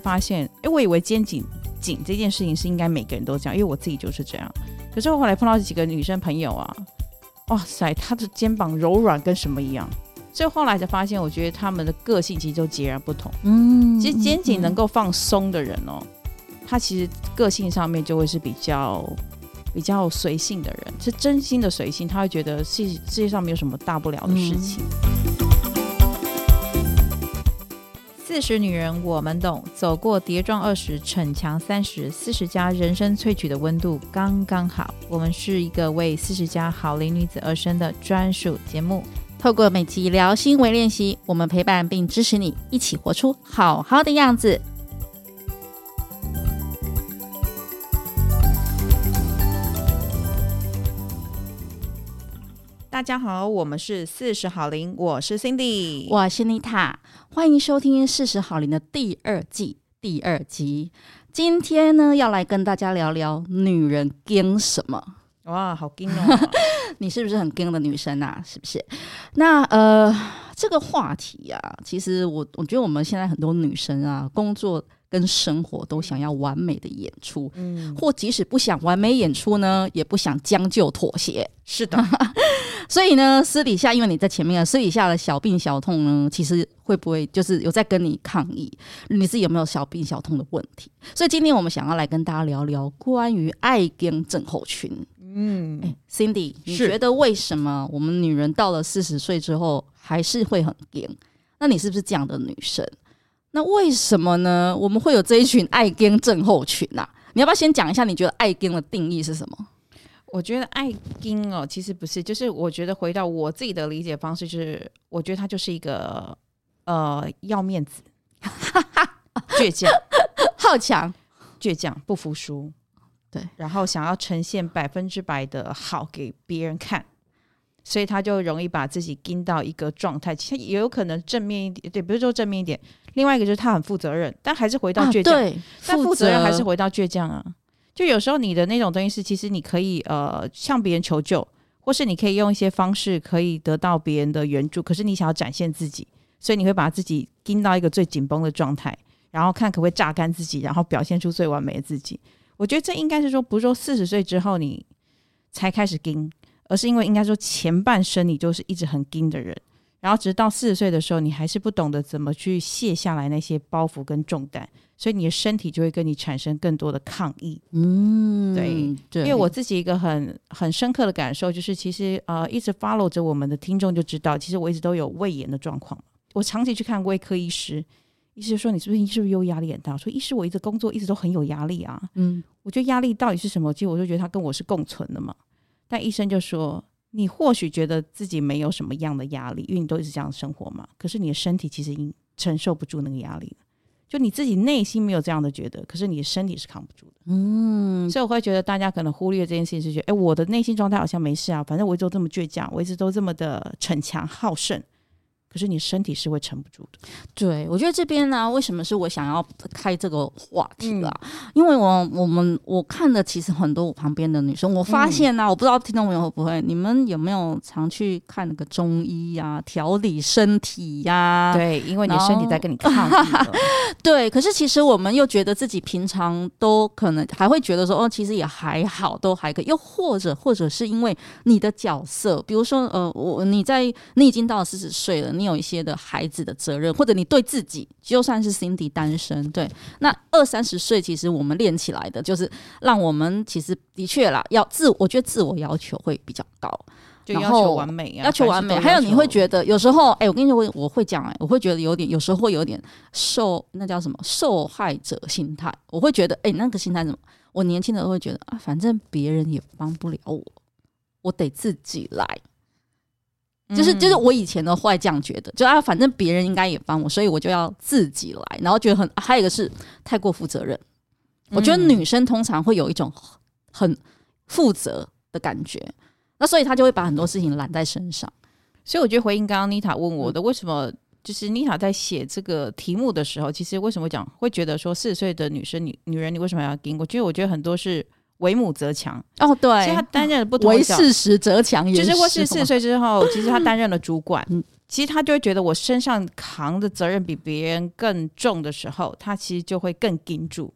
發現，哎、欸，我以為肩頸緊這件事情是應該每個人都這樣，因為我自己就是這樣。可是我後來碰到幾個女生朋友啊，哇塞，她的肩膀柔軟跟什麼一樣。所以後來才發現，我覺得他們的個性其實都截然不同。嗯，其實肩頸能夠放鬆的人哦，他、嗯嗯、其實個性上面就會是比較比較隨性的人，是真心的隨性，他會覺得世世界上沒有什麼大不了的事情。嗯四十女人，我們懂。走過跌撞二十，逞強三十，四十加人生萃取的溫度剛剛好。我們是一個為四十加好齡女子而生的專屬節目。透過每集聊心為練習，我們陪伴並支持你，一起活出好好的樣子。大家好，我們是四十好齡，我是 Cindy，我是 Nita。歡迎收聽《四十好齡》的第二季第二集。今天呢，要來跟大家聊聊女人 ㄍㄧㄥ 什麼？哇，好 ㄍㄧㄥ 哦，喔！ 你是不是很 ㄍㄧㄥ 的女生啊？是不是？那呃，這個話題啊，其實我我覺得我們現在很多女生啊，工作，跟生活都想要完美的演出，嗯，或即使不想完美演出呢，也不想將就妥協。是的， 所以呢，私底下因為你在前面，啊，私底下的小病小痛呢，其實會不會就是有在跟你抗議？你自己有沒有小病小痛的問題？所以今天我們想要來跟大家聊聊關於愛 ㄍㄧㄥ 症候群。嗯，欸，Cindy 你覺得為什麼我們女人到了四十歲之後還是會很 ㄍㄧㄥ？那你是不是這樣的女生？那為什麼呢？我們會有這一群愛 ㄍㄧㄥ 症候群啊？你要不要先講一下？你覺得愛 ㄍㄧㄥ 的定義是什麼？我覺得愛 ㄍㄧㄥ 哦，其實不是，就是我覺得回到我自己的理解方式，就是我覺得他就是一個呃，要面子，哈 哈倔強強， 好強強，倔強，不服輸，對，然後想要呈現百分之百的好給別人看。所以他就容易把自己 ㄍㄧㄥ 到一個狀態，其實也有可能正面一點，對，不是說正面一點。另外一個就是他很負責任，但還是回到倔強，啊。對，負責，責任還是回到倔強啊。就有時候你的那種東西是，其實你可以呃向別人求救，或是你可以用一些方式可以得到別人的援助。可是你想要展現自己，所以你會把自己 ㄍㄧㄥ 到一個最緊繃的狀態，然後看可不可以榨乾自己，然後表現出最完美的自己。我覺得這應該是說，不是說四十歲之後你才開始 ㄍㄧㄥ。而是因為應該說前半生你就是一直很 ㄍㄧㄥ 的人，然後直到四十歲的時候，你還是不懂得怎麼去卸下來那些包袱跟重擔，所以你的身體就會跟你產生更多的抗議。嗯，對，對，因為我自己一個很很深刻的感受就是，其實呃，一直 follow 着我們的聽眾就知道，其實我一直都有胃炎的狀況，我長期去看胃科醫師，醫師說，你是不是是不是又壓力很大？我說醫師，我一直工作一直都很有壓力啊，嗯，我覺得壓力到底是什麼？其實我就覺得他跟我是共存的嘛。但醫生就說，你或許覺得自己沒有什麼樣的壓力，因為你都一直這樣生活嘛。可是你的身體其實已經承受不住那個壓力了。就你自己內心沒有這樣的覺得，可是你的身體是扛不住的。嗯，所以我會覺得大家可能忽略這件事情，是覺得誒、欸，我的內心狀態好像沒事啊，反正我一直都這麼倔強，我一直都這麼的逞強好勝。可是你身體是會撐不住的。對，我覺得這邊呢、啊，為什麼是我想要開這個話題啊？嗯、因為我我們我看的其實很多，我旁邊的女生，我發現呢、啊，嗯、我不知道聽眾朋友會不會，你們有沒有常去看那個中醫呀、啊，調理身體呀、啊？對，因為你身體在跟你抗、啊。對，可是其實我們又覺得自己平常都可能還會覺得說，哦，其實也還好，都還可以。又或者或者是因為你的角色，比如說呃，我你在你已經到了四十歲了。你有一些的孩子的責任，或者你對自己，就算是 Cindy 單身，對那二三十歲，其實我們練起來的，就是讓我們其實的確啦，要自，我覺得自我要求會比較高，就要求完美、啊，然後要求完美。還,還有你會覺得有時候，哎、欸，我跟你說，我會講、欸，我會覺得有點，有時候會有點受，那叫什麼受害者心態？我會覺得，哎、欸，那個心態怎麼？我年輕的時候會覺得啊，反正別人也幫不了我，我得自己來。就是就是我以前呢會這樣覺得，嗯、就啊反正別人應該也幫我，所以我就要自己來，然後覺得很、啊、還有一個是太過負責任。嗯、我覺得女生通常會有一種很負責的感覺，那所以她就會把很多事情攬在身上、嗯。所以我覺得回應剛剛妮塔問我的，嗯、為什麼就是妮塔在寫這個題目的時候，其實為什麼會講會覺得說四十歲的女生女女人你為什麼要給我？其實我覺得很多是。為母則強哦，對，其實他擔任了不同的四十則強，也是。就是，是四十歲之後，嗯、其實他擔任了主管，嗯、其實他就會覺得我身上扛的責任比別人更重的時候，他其實就會更 ㄍㄧㄥ 住，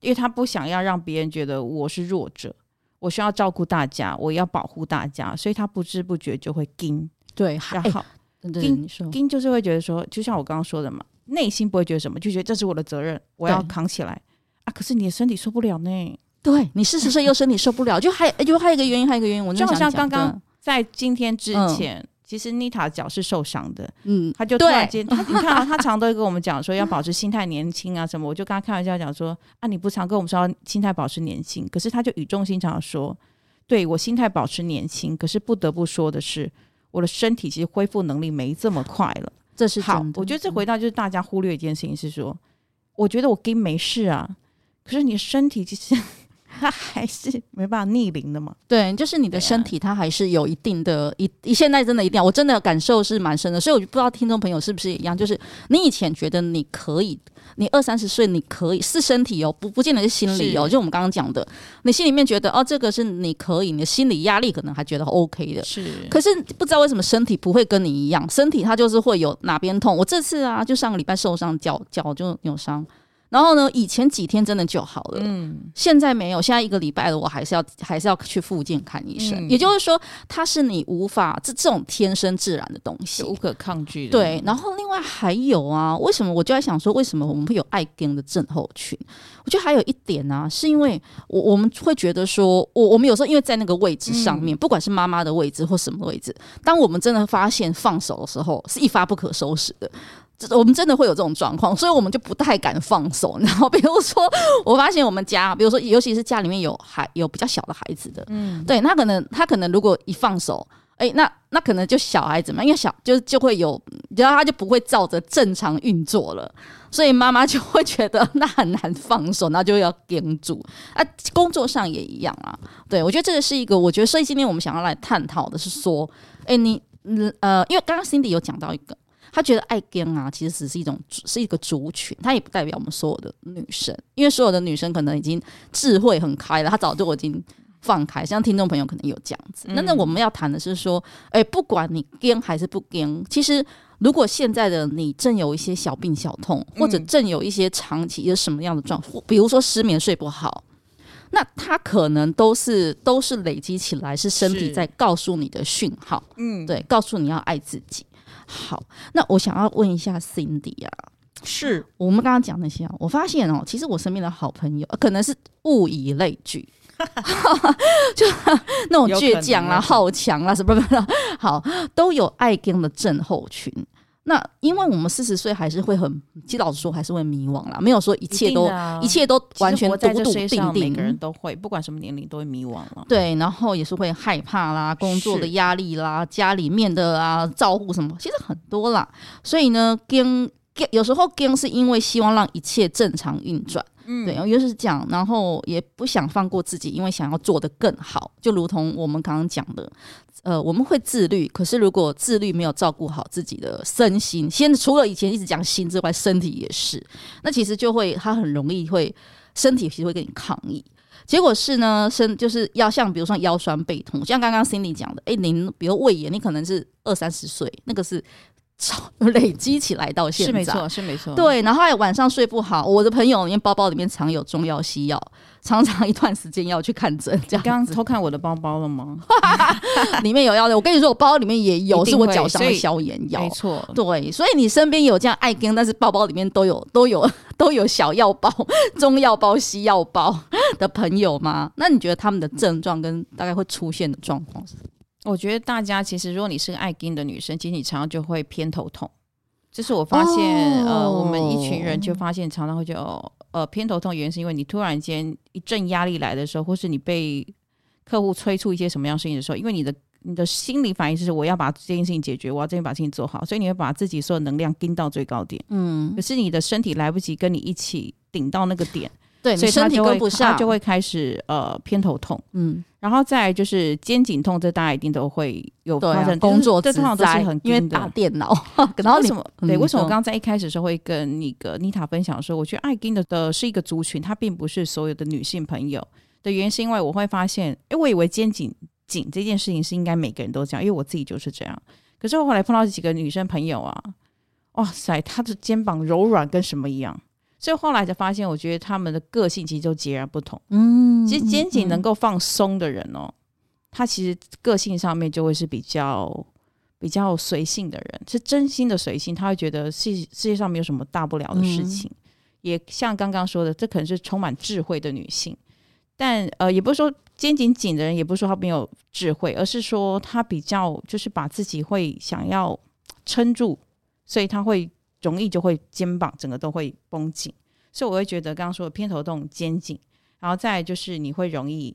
因為他不想要讓別人覺得我是弱者，我需要照顧大家，我要保護大家，所以他不知不覺就會 ㄍㄧㄥ。對，然後 ㄍㄧㄥ，ㄍㄧㄥ 就是會覺得說，就像我剛剛說的嘛，內心不會覺得什麼，就覺得這是我的責任，我要扛起來對啊！可是你的身體受不了呢？對你四十歲又身體受不了， 就還就還有一個原因，還有一個原因，我就好像剛剛在今天之前，嗯、其實妮塔腳是受傷的，嗯，他就突然間，你看，啊，他常都會跟我們講說要保持心態年輕啊什麼，我就跟她開玩笑講說啊，你不常跟我們說心態保持年輕？可是他就語重心長說，對我心態保持年輕，可是不得不說的是，我的身體其實恢復能力沒這麼快了，這是好，我覺得這回到就是大家忽略一件事情是說，我覺得我跟沒事啊，可是你身體其實。他還是沒辦法逆齡的嘛？對，就是你的身體，它還是有一定的，一現在真的一定要，我真的感受是蠻深的。所以我不知道聽眾朋友是不是一樣，就是你以前覺得你可以，你二三十歲你可以是身體哦，不不見得是心理哦。就我們剛剛講的，你心裡面覺得哦、啊，這個是你可以，你的心理壓力可能還覺得 OK 的，是。可是不知道為什麼身體不會跟你一樣，身體它就是會有哪邊痛。我這次啊，就上個禮拜受傷，腳腳就扭傷。然後呢，以前幾天真的就好了，嗯、現在沒有。現在一個禮拜了，我還是要還是要去附近看醫生。嗯、也就是說，它是你無法這這種天生自然的東西，無可抗拒。對。然後另外還有啊，為什麼我就在想說，為什麼我們會有愛 ㄍㄧㄥ 的症候群？我覺得還有一點呢、啊，是因為我我們會覺得說，我我們有時候因為在那個位置上面，嗯、不管是媽媽的位置或什麼位置，當我們真的發現放手的時候，是一發不可收拾的。我們真的會有這種狀況，所以我們就不太敢放手。然後，比如說，我發現我們家，比如說，尤其是家裡面有孩有比較小的孩子的，嗯，對，那可能他可能如果一放手，哎、欸，那那可能就小孩子嘛，因為小就就會有，然後他就不會照着正常運作了，所以媽媽就會覺得那很難放手，那就要盯住。啊，工作上也一樣啊。對，我覺得這個是一個，我覺得所以今天我們想要來探討的是說，哎、欸，你呃，因為剛剛 Cindy 有講到一個。他覺得愛跟啊，其實只是一種是一個族群，他也不代表我們所有的女生，因為所有的女生可能已經智慧很開了，她早就已經放開。像聽眾朋友可能有這樣子，那那、嗯、我們要談的是說，哎、欸，不管你跟還是不跟，其實如果現在的你正有一些小病小痛，或者正有一些長期有什麼樣的狀況，嗯、比如說失眠睡不好，那他可能都是都是累積起來，是身體在告訴你的訊號。嗯、對，告訴你要愛自己。好，那我想要問一下 Cindy 啊，是我們剛剛講那些，我發現哦，其實我身邊的好朋友，可能是物以類聚， 就那種倔強啊，好強啊，什麼什麼的， 好，都有愛 ㄍㄧㄥ 的症候群。那因為我們四十歲還是會很，其實老實說還是會迷惘啦，沒有說一切都一、啊、一切都完全篤篤定定。每個人都會，不管什麼年齡都會迷惘了。對，然後也是會害怕啦，工作的壓力啦，是家裡面的啊照顧什麼，其實很多啦。所以呢 ㄍㄧㄥ。有時候 ㄍㄧㄥ 是因為希望讓一切正常運轉，嗯，對，尤其是講，然後也不想放過自己，因為想要做得更好，就如同我們剛剛講的，呃，我們會自律，可是如果自律沒有照顧好自己的身心，先除了以前一直講心之外，身體也是，那其實就會他很容易會身體其實會跟你抗議，結果是呢，身就是要像比如說腰酸背痛，像剛剛 Cindy 講的，哎、欸，您比如胃炎，你可能是二三十歲，那個是。累積起來到現在是沒錯，是沒錯。對，然後還有晚上睡不好。我的朋友因為包包裡面常有中藥、西藥，常常一段時間要去看診。你剛剛偷看我的包包了嗎？ 嗯、裡面有藥的。我跟你說，我包裡面也有，是我腳上的消炎藥。沒錯，對。所以你身邊有這樣愛 ㄍㄧㄥ，但是包包裡面都有都有都有小藥包、中藥包、西藥包的朋友嗎？那你覺得他們的症狀跟大概會出現的狀況是？我覺得大家其實，如果你是個愛 ㄍㄧㄥ 的女生，其實你常常就會偏頭痛。這是我發現，哦、呃，我們一群人就發現常常會就、哦、呃偏頭痛，原因是因為你突然間一陣壓力來的時候，或是你被客戶催促一些什麼樣的事情的時候，因為你的你的心理反應是我要把這件事情解決，我要這邊把事情做好，所以你會把自己所有能量 ㄍㄧㄥ 到最高點，嗯。可是你的身體來不及跟你一起頂到那個點，對，所以身體跟不上，就會，就會開始呃偏頭痛，嗯。然後再來就是肩頸痛，這大家一定都會有發生。工作、這通常都是很因為打電腦。然後為什麼？對，為什麼？我剛剛在一開始的時候會跟那個妮塔分享說，我覺得愛 ㄍㄧㄥ 的的是一個族群，它並不是所有的女性朋友。的原因是因為我會發現，誒，我以為肩頸緊這件事情是應該每個人都這樣，因為我自己就是這樣。可是我後來碰到幾個女生朋友啊，哇塞，她的肩膀柔軟跟什麼一樣。所以後來才發現，我覺得他們的個性其實就截然不同。嗯，其實肩頸能夠放鬆的人哦，他其實個性上面就會是比較比較隨性的人，是真心的隨性。他會覺得世世界上沒有什麼大不了的事情。也像剛剛說的，這可能是充滿智慧的女性。但呃，也不是說肩頸緊的人，也不是說他沒有智慧，而是說他比較就是把自己會想要撐住，所以他會。容易就會肩膀整個都會繃緊，所以我會覺得剛剛說的偏頭痛、肩頸，然後再就是你會容易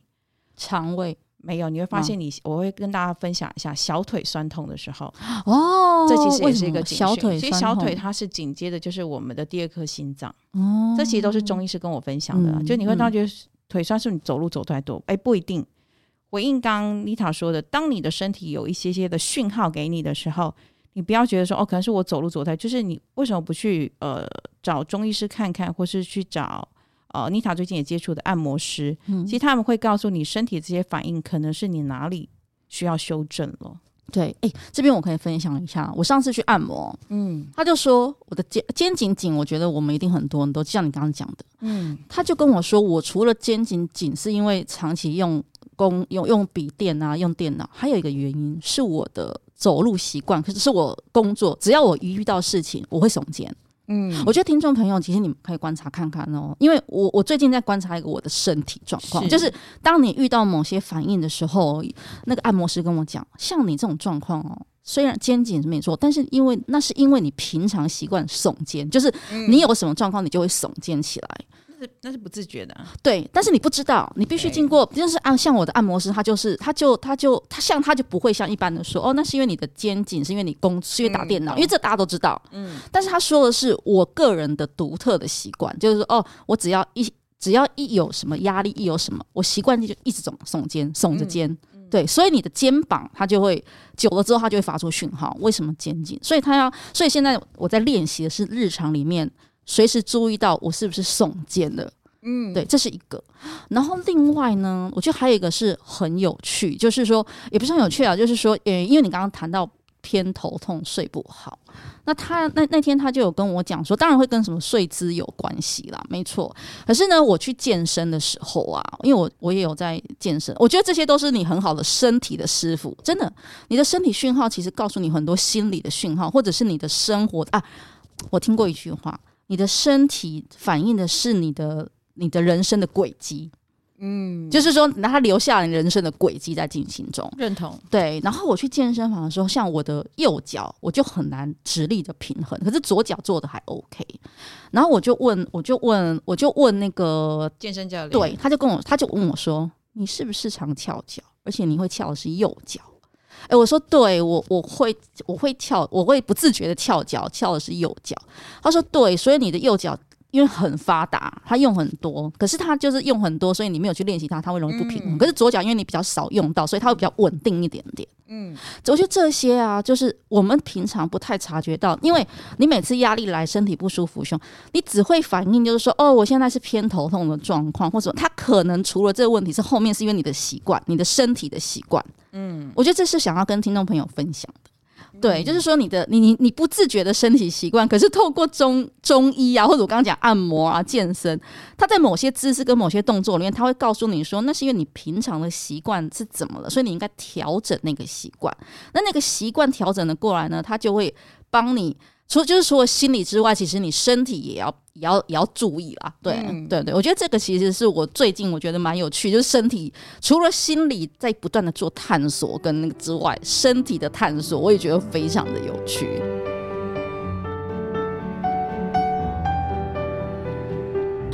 腸胃、呃、沒有，你會發現你、嗯、我會跟大家分享一下小腿痠痛的時候哦，這其實也是一個警訊，所以小腿它是緊接著，就是我們的第二顆心臟哦，這其實都是中醫師跟我分享的，嗯，就你會發覺得腿痠是，是你走路走太多，哎，不一定回應剛妮塔說的，當你的身體有一些些的訊號給你的時候，你不要覺得說哦，可能是我走路走太，就是你為什麼不去呃找中醫師看看，或是去找呃妮塔最近也接觸的按摩師，嗯，其實他們會告訴你身體這些反應，可能是你哪裡需要修正了。對，哎，欸，這邊我可以分享一下，我上次去按摩，嗯，他就說我的肩肩頸頸，我覺得我們一定很多很多，就像你剛剛講的，嗯，他就跟我說，我除了肩頸緊，是因為長期用功用用筆電啊，用電腦，還有一個原因是我的。走路習慣，可是，是我工作，只要我一遇到事情，我會聳肩。嗯，我覺得聽眾朋友，其實你們可以觀察看看哦、喔。因為我我最近在觀察一個我的身體狀況，是就是當你遇到某些反應的時候，那個按摩師跟我講，像你這種狀況哦，雖然肩頸沒錯，但是因為那是因為你平常習慣聳肩，就是你有什麼狀況，你就會聳肩起來。嗯嗯那是不自覺的、啊，對。但是你不知道，你必須經過。就是按像我的按摩師，他就是，他就，他就，他像他就不會像一般的說，哦，那是因為你的肩頸，是因為你工，是因為打電腦，因為這大家都知道。嗯。但是他說的是我個人的獨特的習慣，就是說哦，我只要一只要一有什麼壓力，一有什麼，我習慣就一直聳聳肩，聳着肩。對，所以你的肩膀它就會久了之後，它就會發出訊號。為什麼肩頸？所以他要，所以現在我在練習的是日常裡面。隨時注意到我是不是聳肩的，嗯，對，這是一個。然後另外呢，我覺得還有一個是很有趣，就是說，也不是很有趣啊，就是說，呃，因為你剛剛談到偏頭痛、睡不好，那他那那天他就有跟我講說，當然會跟什麼睡姿有關係啦。沒錯。可是呢，我去健身的時候啊，因為我我也有在健身，我覺得這些都是你很好的身體的師傅，真的，你的身體訊號其實告訴你很多心理的訊號，或者是你的生活啊，我聽過一句話。你的身體反映的是你的你的人生的軌跡，嗯，就是說，那它留下你人生的軌跡在進行中。認同。對，然後我去健身房的時候，像我的右腳，我就很難直立的平衡，可是左腳做得還 OK。然後我就問，我就問，我就問那個健身教練，對，他就跟我，他就問我說，你是不是常翹腳？而且你會翹的是右腳。誒，欸、我說對，我我會我會翹，我會不自覺的翹腳，翹的是右腳。他說對，所以你的右腳因為很發達，它用很多，可是它就是用很多，所以你沒有去練習它，它會容易不平衡。嗯、可是左腳因為你比較少用到，所以它會比較穩定一點點。嗯，我覺得這些啊，就是我們平常不太察覺到，因為你每次壓力來，身體不舒服，胸，你只會反應就是說，哦，我現在是偏頭痛的狀況，或者他可能除了這個問題，是後面是因為你的習慣，你的身體的習慣。嗯，我覺得這是想要跟聽眾朋友分享的，對，嗯、就是說你的你你你不自覺的身體習慣，可是透過中中醫啊，或者我剛剛講按摩啊、健身，他在某些姿勢跟某些動作裡面，他會告訴你說，那是因為你平常的習慣是怎麼了，所以你應該調整那個習慣。那那個習慣調整的過來呢，他就會幫你。除就是除了心理之外，其實你身體也要也要也要注意啦。對，嗯、對對對，我覺得這個其實是我最近我覺得蠻有趣，就是身體除了心理在不斷的做探索跟那個之外，身體的探索我也覺得非常的有趣。嗯、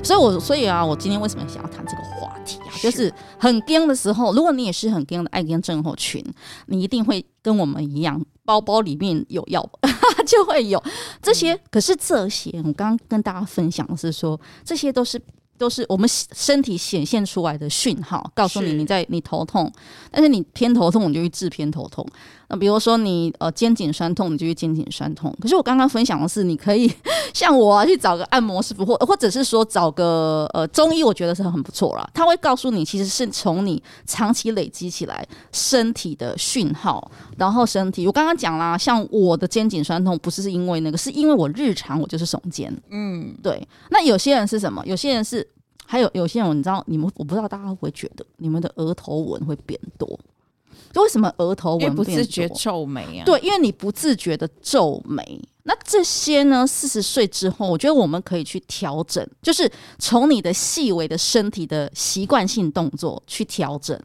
所以我所以啊，我今天為什麼想要談這個話題啊？是就是很 ㄍㄧㄥ 的時候，如果你也是很 ㄍㄧㄥ 的愛 ㄍㄧㄥ 症候群，你一定會跟我們一樣。包包裡面有藥， 就會有這些。嗯、可是這些，我剛剛跟大家分享的是說，這些都是都是我們身體顯現出來的訊號，告訴你你在你頭痛，是，但是你偏頭痛，我就去治偏頭痛。那比如說你呃肩頸痠痛，你就去肩頸痠痛。可是我剛剛分享的是，你可以像我，啊、去找個按摩師傅，或或者是說找個呃中醫，我覺得是很不錯了。他會告訴你，其實是從你長期累積起來身體的訊號，嗯、然後身體。我剛剛講啦，像我的肩頸痠痛，不是是因為那個，是因為我日常我就是聳肩。嗯，對。那有些人是什麼？有些人是還有有些人，你知道，你們我不知道大家會不會覺得你們的額頭紋會變多。就為什麼額頭紋不自覺皺眉啊？對，因為你不自覺的皺眉。那這些呢？四十歲之後，我覺得我們可以去調整，就是從你的細微的身體的習慣性動作去調整。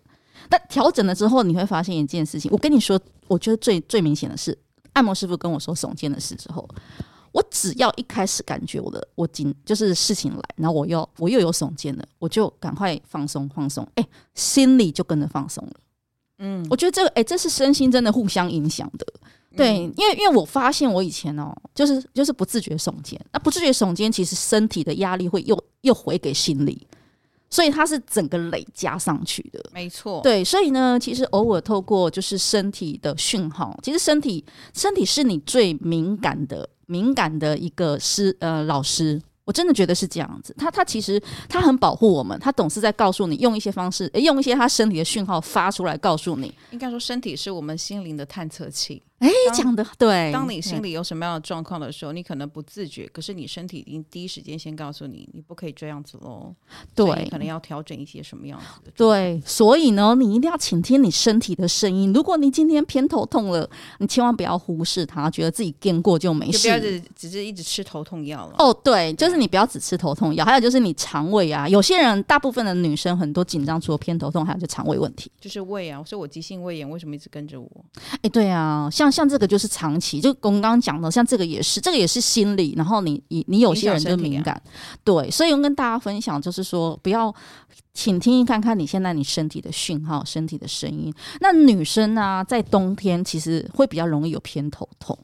但調整了之後，你會發現一件事情。我跟你說，我覺得最最明顯的是，按摩師傅跟我說聳肩的事之後，我只要一開始感覺我的我緊，就是事情來，然後我又我又有聳肩了，我就趕快放鬆放鬆，哎、欸，心裡就跟着放鬆了。嗯，我覺得這個，哎，這是身心真的互相影響的，對，嗯，因為因為我發現我以前哦，就是就是不自覺聳肩，那不自覺聳肩，其實身體的壓力會又又回給心理，所以它是整個累加上去的，沒錯，對，所以呢，其實偶爾透過就是身體的訊號，其實身體身體是你最敏感的敏感的一個師呃老師。我真的覺得是這樣子，他他其實他很保護我們，他總是在告訴你，用一些方式，欸、用一些他身體的訊號發出來告訴你，應該說身體是我們心靈的探測器。哎，講的對。當你心裡有什麼樣的狀況的時候，嗯、你可能不自覺，可是你身體已經第一時間先告訴你，你不可以這樣子嘍。對，你可能要調整一些什麼樣子的。對，所以呢，你一定要傾聽你身體的聲音。如果你今天偏頭痛了，你千萬不要忽視它，覺得自己見過就沒事，就不要只只是一直吃頭痛藥了。哦，對，對。就是你不要只吃頭痛藥，還有就是你腸胃啊，有些人大部分的女生很多緊張，除了偏頭痛，還有就腸胃問題，就是胃啊。所以我急性胃炎為什麼一直跟着我？欸，對啊，像。像這個就是長期，就我們剛剛講的，像這個也是，這個也是心理。然後你你你有些人就敏感，對。所以我跟大家分享，就是說不要，請聽一看看你現在你身體的訊號，身體的聲音。那女生啊，在冬天其實會比較容易有偏頭痛，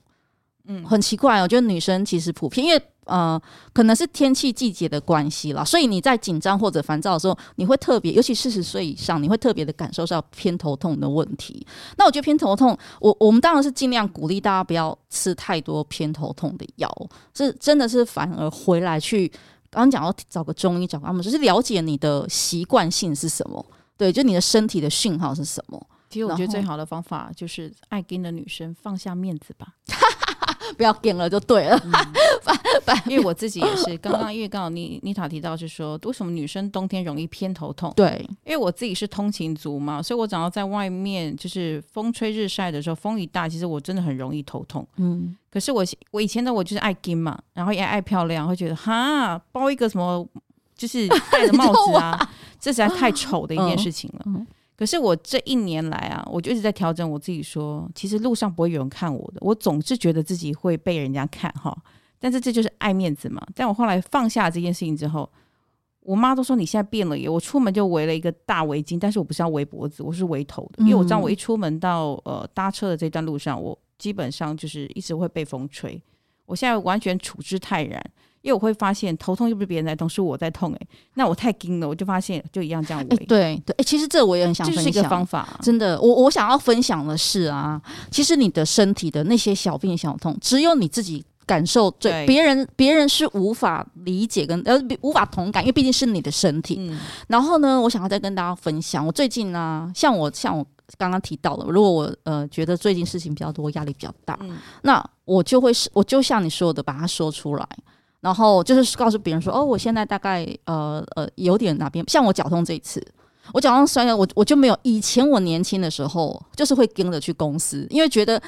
嗯，很奇怪哦，我覺得女生其實普遍，因為。呃，可能是天氣季節的關係啦。所以你在緊張或者煩躁的時候，你會特別，尤其四十歲以上，你會特別的感受到偏頭痛的問題。那我覺得偏頭痛，我我們當然是儘量鼓勵大家不要吃太多偏頭痛的藥，是真的是反而回來去，剛剛講要找個中醫，找他們，只是了解你的習慣性是什麼，對，就你的身體的訊號是什麼。其實我覺得最好的方法就是愛 ㄍㄧㄥ 的女生放下面子吧。 不要 ㄍㄧㄥ 了就對了，嗯，因為我自己也是剛剛，因為剛好妮妮塔提到，是說為什麼女生冬天容易偏頭痛？對，因為我自己是通勤族嘛，所以我只要在外面就是風吹日曬的時候，風一大，其實我真的很容易頭痛。嗯，可是我我以前的我就是愛 ㄍㄧㄥ 嘛，然後也愛，愛漂亮，會覺得哈包一個什麼就是戴着帽子啊， 啊這實在太醜的一件事情了。嗯可是我這一年來啊，我就一直在調整我自己說，說其實路上不會有人看我的。我總是覺得自己會被人家看哈，但是這就是愛面子嘛。但我後來放下這件事情之後，我媽都說你現在變了耶。我出門就圍了一個大圍巾，但是我不是要圍脖子，我是圍頭的，嗯、因為我知道我一出門到呃搭車的這段路上，我基本上就是一直會被風吹。我現在完全處之泰然。因為我會發現頭痛又不是別人在痛，是我在痛誒、欸，那我太驚了，我就發現就一樣這樣、欸。對對，誒、欸，其實這我也很想分享，這是一個方法、啊，真的。我我想要分享的是啊，其實你的身體的那些小病小痛，只有你自己感受最，別對人別人是無法理解跟呃無法同感，因為畢竟是你的身體。嗯、然後呢，我想要再跟大家分享，我最近呢、啊，像我像我剛剛提到的，如果我呃覺得最近事情比較多，壓力比較大，嗯、那我就會是，我就像你說的，把它說出來。然後就是告訴別人說，哦，我現在大概呃呃有點哪邊，像我腳痛這一次，我腳痛摔了，我我就沒有。以前我年輕的時候，就是會跟着去公司，因為覺得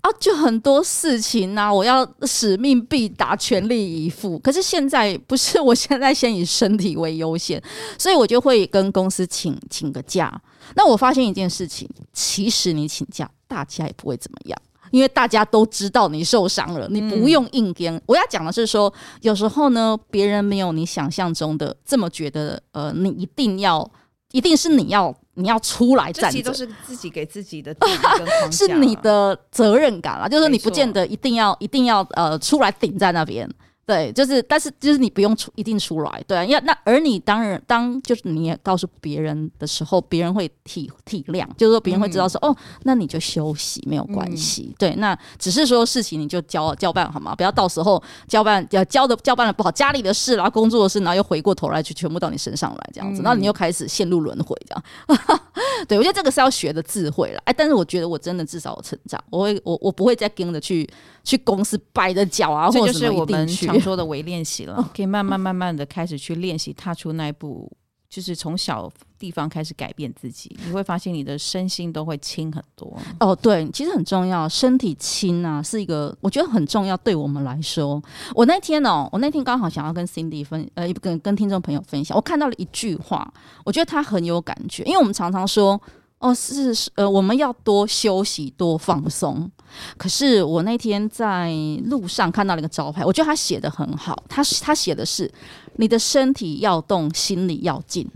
啊，就很多事情吶、啊，我要使命必達，全力以赴。可是現在不是，我現在先以身體為優先，所以我就會跟公司請請個假。那我發現一件事情，其實你請假，大家也不會怎麼樣。因為大家都知道你受傷了，你不用硬 ㄍㄧㄥ。嗯、我要講的是說，有時候呢，別人沒有你想象中的這麼覺得，呃，你一定要，一定是你要，你要出來站着，這都是自己給自己的、啊， 是你的責任感了，就是說你不見得一定要，錯一定要呃出來頂在那邊。對，就是，但是就是你不用出一定出來，對啊，要那而你當然當就是你也告訴別人的時候，別人會體體諒，就是說別人會知道說、嗯、哦，那你就休息沒有關係，嗯、對，那只是說事情你就交交辦好嗎？不要到時候交辦要交的交辦的不好，家裡的事然後工作的事，然後又回過頭來就全部到你身上來這樣子，然後你又開始陷入輪回這樣。嗯、 對我覺得這個是要學的智慧了，哎、欸，但是我覺得我真的至少有成長，我會我我不會再跟着去。去公司擺着腳啊，或者就是我們常說的微練習了。可以、哦 okay, 慢慢慢慢的開始去練習，踏出那一步，就是從小地方開始改變自己，你會發現你的身心都會輕很多。哦，對，其實很重要，身體輕啊，是一個我覺得很重要。對我們來說，我那天哦，我那天剛好想要跟 Cindy 分呃，跟跟聽眾朋友分享，我看到了一句話，我覺得他很有感覺，因為我們常常說。哦，是是，呃，我們要多休息，多放鬆。可是我那天在路上看到那個招牌，我覺得他寫的很好，他他寫的是：你的身體要動，心裡要靜。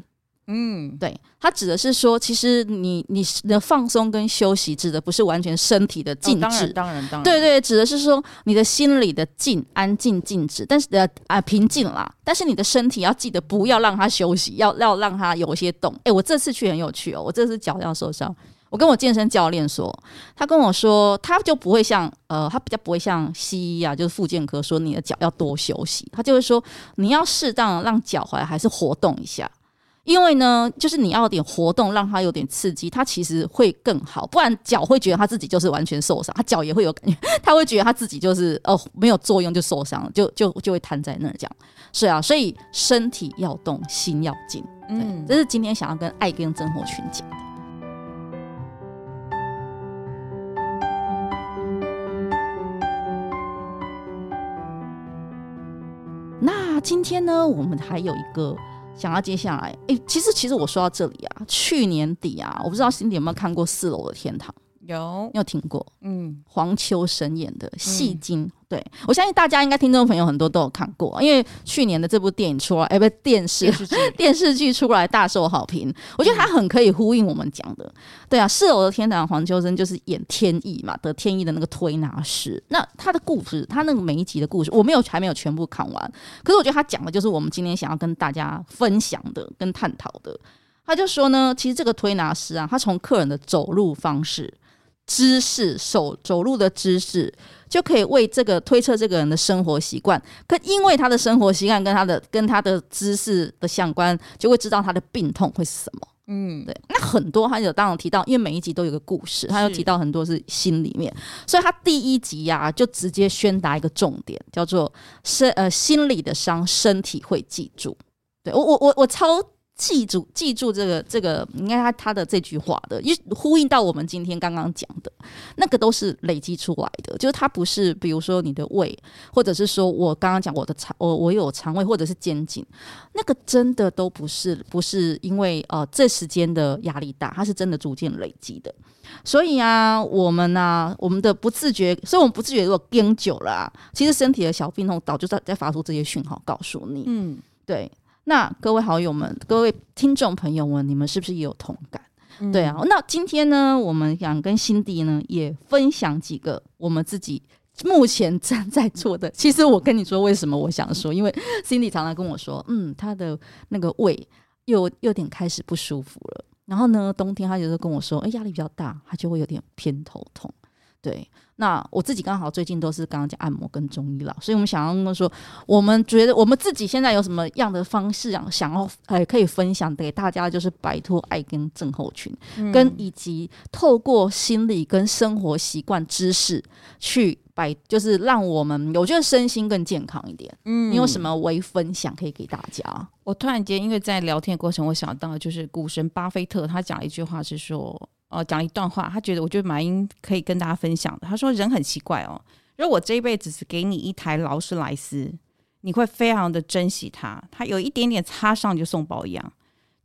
嗯，對，他指的是說，其實你你的放鬆跟休息，指的不是完全身體的靜止、哦，當然當然，當然對，對對，指的是說你的心裡的靜，安靜靜止，但是的啊、呃、平靜啦，但是你的身體要記得不要讓它休息，要要讓它有一些動。誒、欸，我這次去很有趣哦、喔，我這次腳要受傷，我跟我健身教練說，他跟我說，他就不會像呃，他比較不會像西醫啊，就是復健科說你的腳要多休息，他就會說你要適當的讓腳踝還是活動一下。因為呢，就是你要點活動，讓他有點刺激，他其實會更好。不然腳會覺得他自己就是完全受傷，他腳也會有感覺，他會覺得他自己就是哦、呃、沒有作用就受傷了，就就就會癱在那兒。這樣是啊，所以身體要動，心要靜。嗯，這是今天想要跟愛 ㄍㄧㄥ 症候群講的。嗯、那今天呢，我們還有一個。想要接下來，哎、欸，其實其實我說到這裡啊，去年底啊，我不知道心蒂有沒有看過《四樓的天堂》。有，有聽過，嗯，黃秋生演的《戲精》嗯，對，我相信大家應該聽眾朋友很多都有看過，因為去年的這部電影出來，哎、欸，不是電視電視劇 出來，大受好評。我覺得他很可以呼應我們講的，嗯、對啊，《四樓的天堂》，黃秋生就是演天意嘛，的天意的那個推拿師。那他的故事，他那個每一集的故事，我沒有還沒有全部看完，可是我覺得他講的就是我們今天想要跟大家分享的跟探討的。他就說呢，其實這個推拿師啊，他從客人的走路方式，姿勢，手走路的姿勢就可以為這個推測這個人的生活習慣。可因為他的生活習慣跟他的跟他的姿勢的相關，就會知道他的病痛會是什麼。嗯，對。那很多他有當然提到，因為每一集都有個故事，他有提到很多是心裡面，是所以他第一集呀、啊、就直接宣達一個重點，叫做身呃心裡的傷，身體會記住。對我我我我超。記住，記住這個，這個應該他他的這句話的，一呼應到我們今天剛剛講的那個，都是累積出來的。就是它不是，比如說你的胃，或者是說我剛剛講我的腸，我我有腸胃或者是肩頸，那個真的都不是，不是因為呃這時間的壓力大，它是真的逐漸累積的。所以啊，我們呢、啊，我們的不自覺，所以我們不自覺如果 ㄍㄧㄥ 久了、啊，其實身體的小病痛早就在在發出這些訊號告訴你，嗯，對。那各位好友們，各位聽眾朋友們，你們是不是也有同感？嗯、對啊，那今天呢，我們想跟 Cindy 呢也分享幾個我們自己目前正在做的。其實我跟你說為什麼我想說，因為 Cindy 常常跟我說，嗯，她的那個胃又又有點開始不舒服了。然後呢，冬天她就是跟我說，哎、呃，壓力比較大，她就會有點偏頭痛。對，那我自己剛好最近都是剛剛講按摩跟中醫了，所以我們想要說，我們覺得我們自己現在有什麼樣的方式想想要呃可以分享給大家，就是擺脫愛 ㄍㄧㄥ 症候群，跟以及透過心理跟生活習慣知識去擺，就是讓我們我覺得身心更健康一點。嗯，你有什麼微分享可以給大家？我突然間因為在聊天的過程，我想到就是股神巴菲特他講了一句話是說。哦講一段話，他覺得我覺得蠻可以跟大家分享的。他說：“人很奇怪哦，如果我這一輩子只給你一台勞斯萊斯，你會非常的珍惜它，它有一點點擦傷就送保養。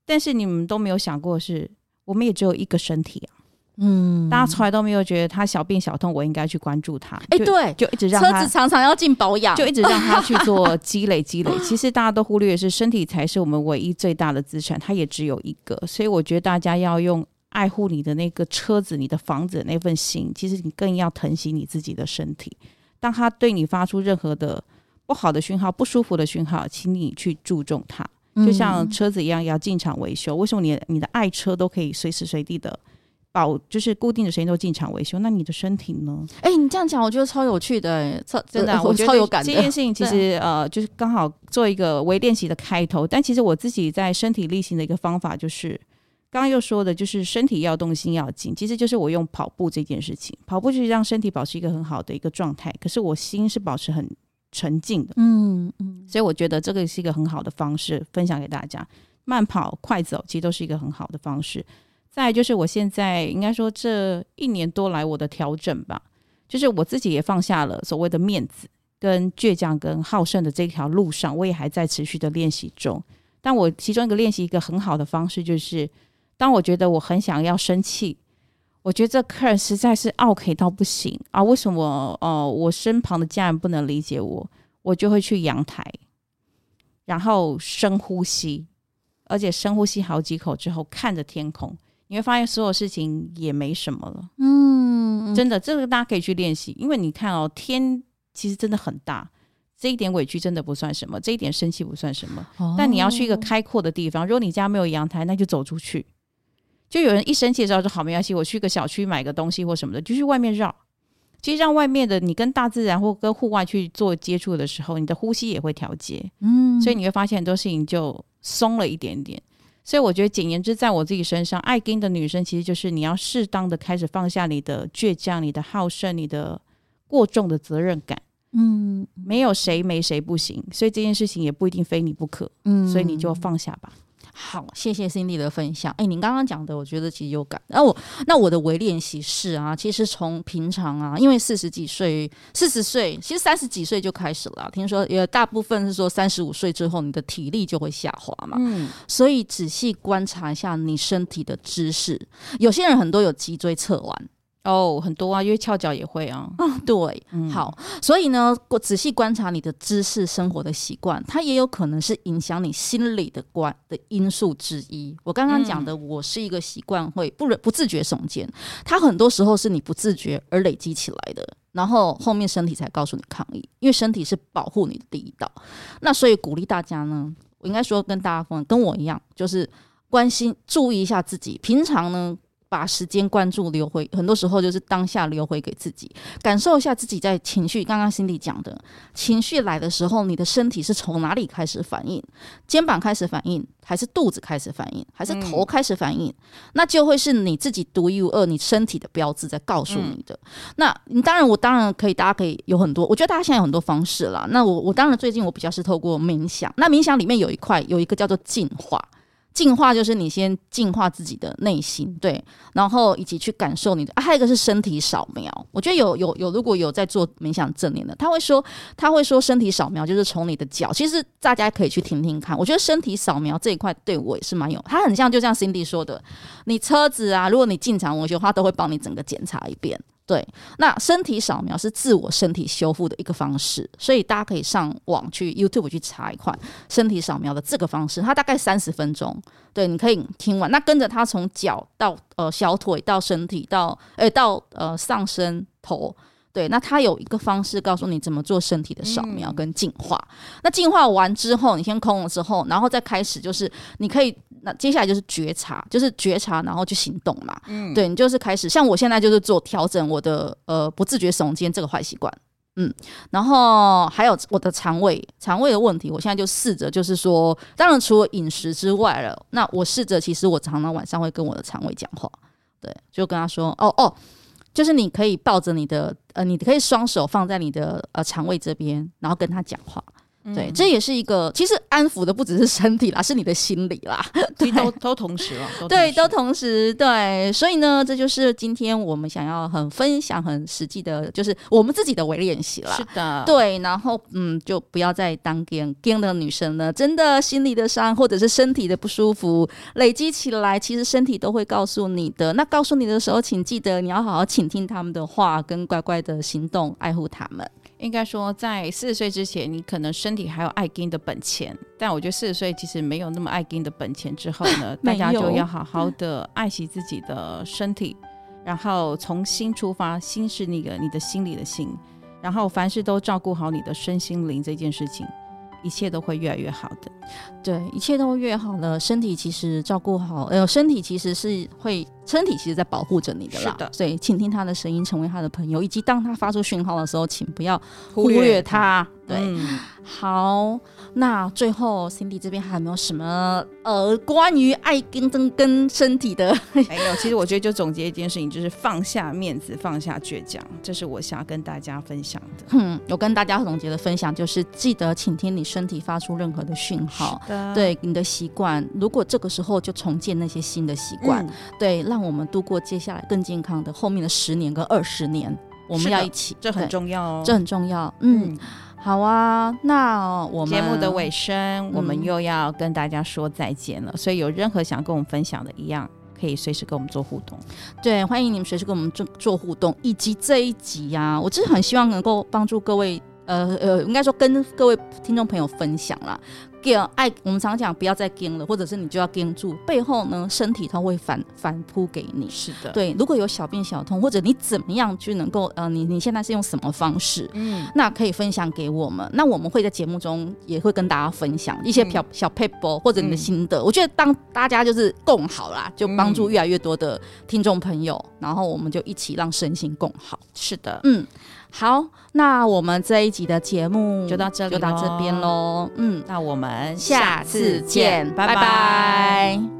但是你們都沒有想過是，是我們也只有一個身體啊。嗯，大家從來都沒有覺得他小病小痛，我應該去關注他。誒、欸，就對，就一直讓他車子常常要進保養，就一直讓他去做積累積累。 其實大家都忽略的是身體才是我們唯一最大的資產，它也只有一個。所以我覺得大家要用。”愛護你的那個車子、你的房子的那份心，其實你更要疼惜你自己的身體。當他對你發出任何的不好的訊號、不舒服的訊號，請你去注重它，就像車子一樣要進場維修。嗯、為什麼你你的愛車都可以隨時隨地的保，就是固定的時間都進場維修？那你的身體呢？哎、欸，你這樣講，我覺得超有趣的、欸，超真的、啊，我，的我覺得超有感。今天性其實、啊、呃，就是剛好做一個微練習的開頭。但其實我自己在身體力行的一個方法就是。剛剛又說的就是身體要動，心要緊，其實就是我用跑步這件事情，跑步就是讓身體保持一個很好的一個狀態。可是我心是保持很沉靜的，嗯嗯，嗯，所以我覺得這個是一個很好的方式，分享給大家。慢跑、快走其實都是一個很好的方式。再來就是我現在應該說，這一年多來我的調整吧，就是我自己也放下了所謂的面子、跟倔強、跟好勝的這條路上，我也還在持續的練習中。但我其中一個練習一個很好的方式就是。當我覺得我很想要生氣，我覺得這客人實在是奧客到不行啊！為什麼？哦、呃，我身旁的家人不能理解我，我就會去陽台，然後深呼吸，而且深呼吸好幾口之後，看着天空，你會發現所有事情也沒什麼了。嗯，真的，這個大家可以去練習，因為你看哦，天其實真的很大，這一點委屈真的不算什麼，這一點生氣不算什麼。但你要去一個開闊的地方，如果你家沒有陽台，那就走出去。就有人一生氣的時候，說好沒關係，我去個小區買個東西或什麼的，就去外面繞。其實讓外面的你跟大自然或跟戶外去做接觸的時候，你的呼吸也會調節，嗯，所以你會發現很多事情就鬆了一點點。所以我覺得，簡言之，在我自己身上，愛 ㄍㄧㄥ 的女生其實就是你要適當的開始放下你的倔強、你的好勝、你的過重的責任感，嗯，沒有誰沒誰不行，所以這件事情也不一定非你不可，嗯，所以你就放下吧。嗯好，謝謝 Cindy 的分享。哎、欸，你剛剛講的，我覺得其實有感。那我那我的微練習是啊，其實從平常啊，因為四十幾歲、四十歲，其實三十幾歲就開始了、啊。聽說也大部分是說三十五歲之後，你的體力就會下滑嘛。嗯、所以仔細觀察一下你身體的姿勢，有些人很多有脊椎側彎。哦，很多啊，因為翹腳也會啊。嗯、對，嗯，好，所以呢，我仔細觀察你的姿勢、生活的習慣，它也有可能是影響你心理的關的因素之一。我剛剛講的，我是一個習慣會不不自覺聳肩，它很多時候是你不自覺而累積起來的，然後後面身體才告訴你抗議，因為身體是保護你的第一道。那所以鼓勵大家呢，我應該說跟大家分跟我一樣，就是關心、注意一下自己，平常呢。把時間關注留回，很多時候就是當下留回給自己，感受一下自己在情緒。剛剛心裡講的情緒來的時候，你的身體是從哪裡開始反應？肩膀開始反應，還是肚子開始反應，還是頭開始反應？那就會是你自己獨一無二、你身體的標誌在告訴你的。那你當然，我當然可以，大家可以有很多。我覺得大家現在有很多方式啦。那我我當然最近我比較是透過冥想。那冥想裡面有一塊有一個叫做進化。淨化就是你先淨化自己的內心，對，然後以及去感受你。啊，還有一個是身體掃描，我覺得有有有，如果有在做冥想正念的，他會說他會說身體掃描就是從你的腳。其實大家可以去聽聽看，我覺得身體掃描這一塊對我也是蠻有，它很像就像 Cindy 說的，你車子啊，如果你進廠，我覺得他都會幫你整個檢查一遍。對，那身體掃描是自我身體修復的一個方式，所以大家可以上網去 YouTube 去查一款身體掃描的這個方式，它大概三十分鐘，對，你可以聽完，那跟着它從腳到呃小腿到身體到誒、欸、到呃上身頭。對，那他有一個方式告訴你怎麼做身體的掃描跟淨化。嗯，那淨化完之後，你先空了之後，然後再開始就是你可以，那接下來就是覺察，就是覺察，然後去行動嘛。嗯，對你就是開始，像我現在就是做調整我的呃不自覺聳肩這個壞習慣，嗯，然後還有我的腸胃，腸胃的問題，我現在就試着就是說，當然除了飲食之外了，那我試着其實我常常晚上會跟我的腸胃講話，對，就跟他說哦哦。哦就是你可以抱着你的，呃，你可以雙手放在你的，呃，腸胃這邊，然後跟他講話。嗯、對，這也是一個，其實安撫的不只是身體啦，是你的心理啦，對，都都同時了、啊，對，都同時，對，所以呢，這就是今天我們想要很分享、很實際的，就是我們自己的微練習啦。是的，對，然後嗯，就不要再當 ㄍㄧㄥㄍㄧㄥ 的女生了，真的，心裡的，心理的傷或者是身體的不舒服累積起來，其實身體都會告訴你的。那告訴你的時候，請記得你要好好傾聽他們的話，跟乖乖的行動，愛護他們。應該說，在四十歲之前，你可能身體還有愛 ㄍㄧㄥ 的本錢，但我覺得四十歲其實沒有那麼愛 ㄍㄧㄥ 的本錢。之後呢，有大家就要好好的愛惜自己的身體，有然後從心出發，心是那個你的心裡的心，然後凡事都照顧好你的身心靈這件事情，一切都會越來越好的。對，一切都越好了，身體其實照顧好，呃，身體其實是會。身體其實在保護着你的啦，對的，所以請聽他的聲音，成為他的朋友，以及當他發出訊號的時候，請不要忽略他。略他，對，嗯、好，那最後 Cindy 這邊還有沒有什麼呃關於愛跟跟身體的、欸？沒有，其實我覺得就總結一件事情，就是放下面子，放下倔強，這是我想要跟大家分享的。嗯，我跟大家總結的分享就是，記得傾聽你身體發出任何的訊號，的對你的習慣，如果這個時候就重建那些新的習慣，嗯、對我們度過接下來更健康的後面的十年跟二十年，我們要一起，這很重要哦，這很重要。嗯，嗯好啊，那我們節目的尾聲，嗯、我們又要跟大家說再見了。所以有任何想跟我們分享的一樣，可以隨時跟我們做互動。對，歡迎你們隨時跟我們做做互動，以及這一集呀、啊，我真的很希望能夠幫助各位。呃呃，應該說跟各位聽眾朋友分享啦，給愛我們常講常不要再 ㄍㄧㄥ 了，或者是你就要 ㄍㄧㄥ 住，背後呢，身體它會反反撲給你。是的，對，如果有小病小痛，或者你怎麼樣去能夠呃，你你現在是用什麼方式？嗯，嗯，那可以分享給我們，那我們會在節目中也會跟大家分享一些、嗯、小小 paper 或者你的心得。嗯、我覺得當大家就是共好啦，就幫助越來越多的聽眾朋友，嗯、然後我們就一起讓身心共好。是的，嗯。好，那我們這一集的節目就到這裡，就到這邊嘍。嗯，那我們下次見，下次見，拜拜。拜拜。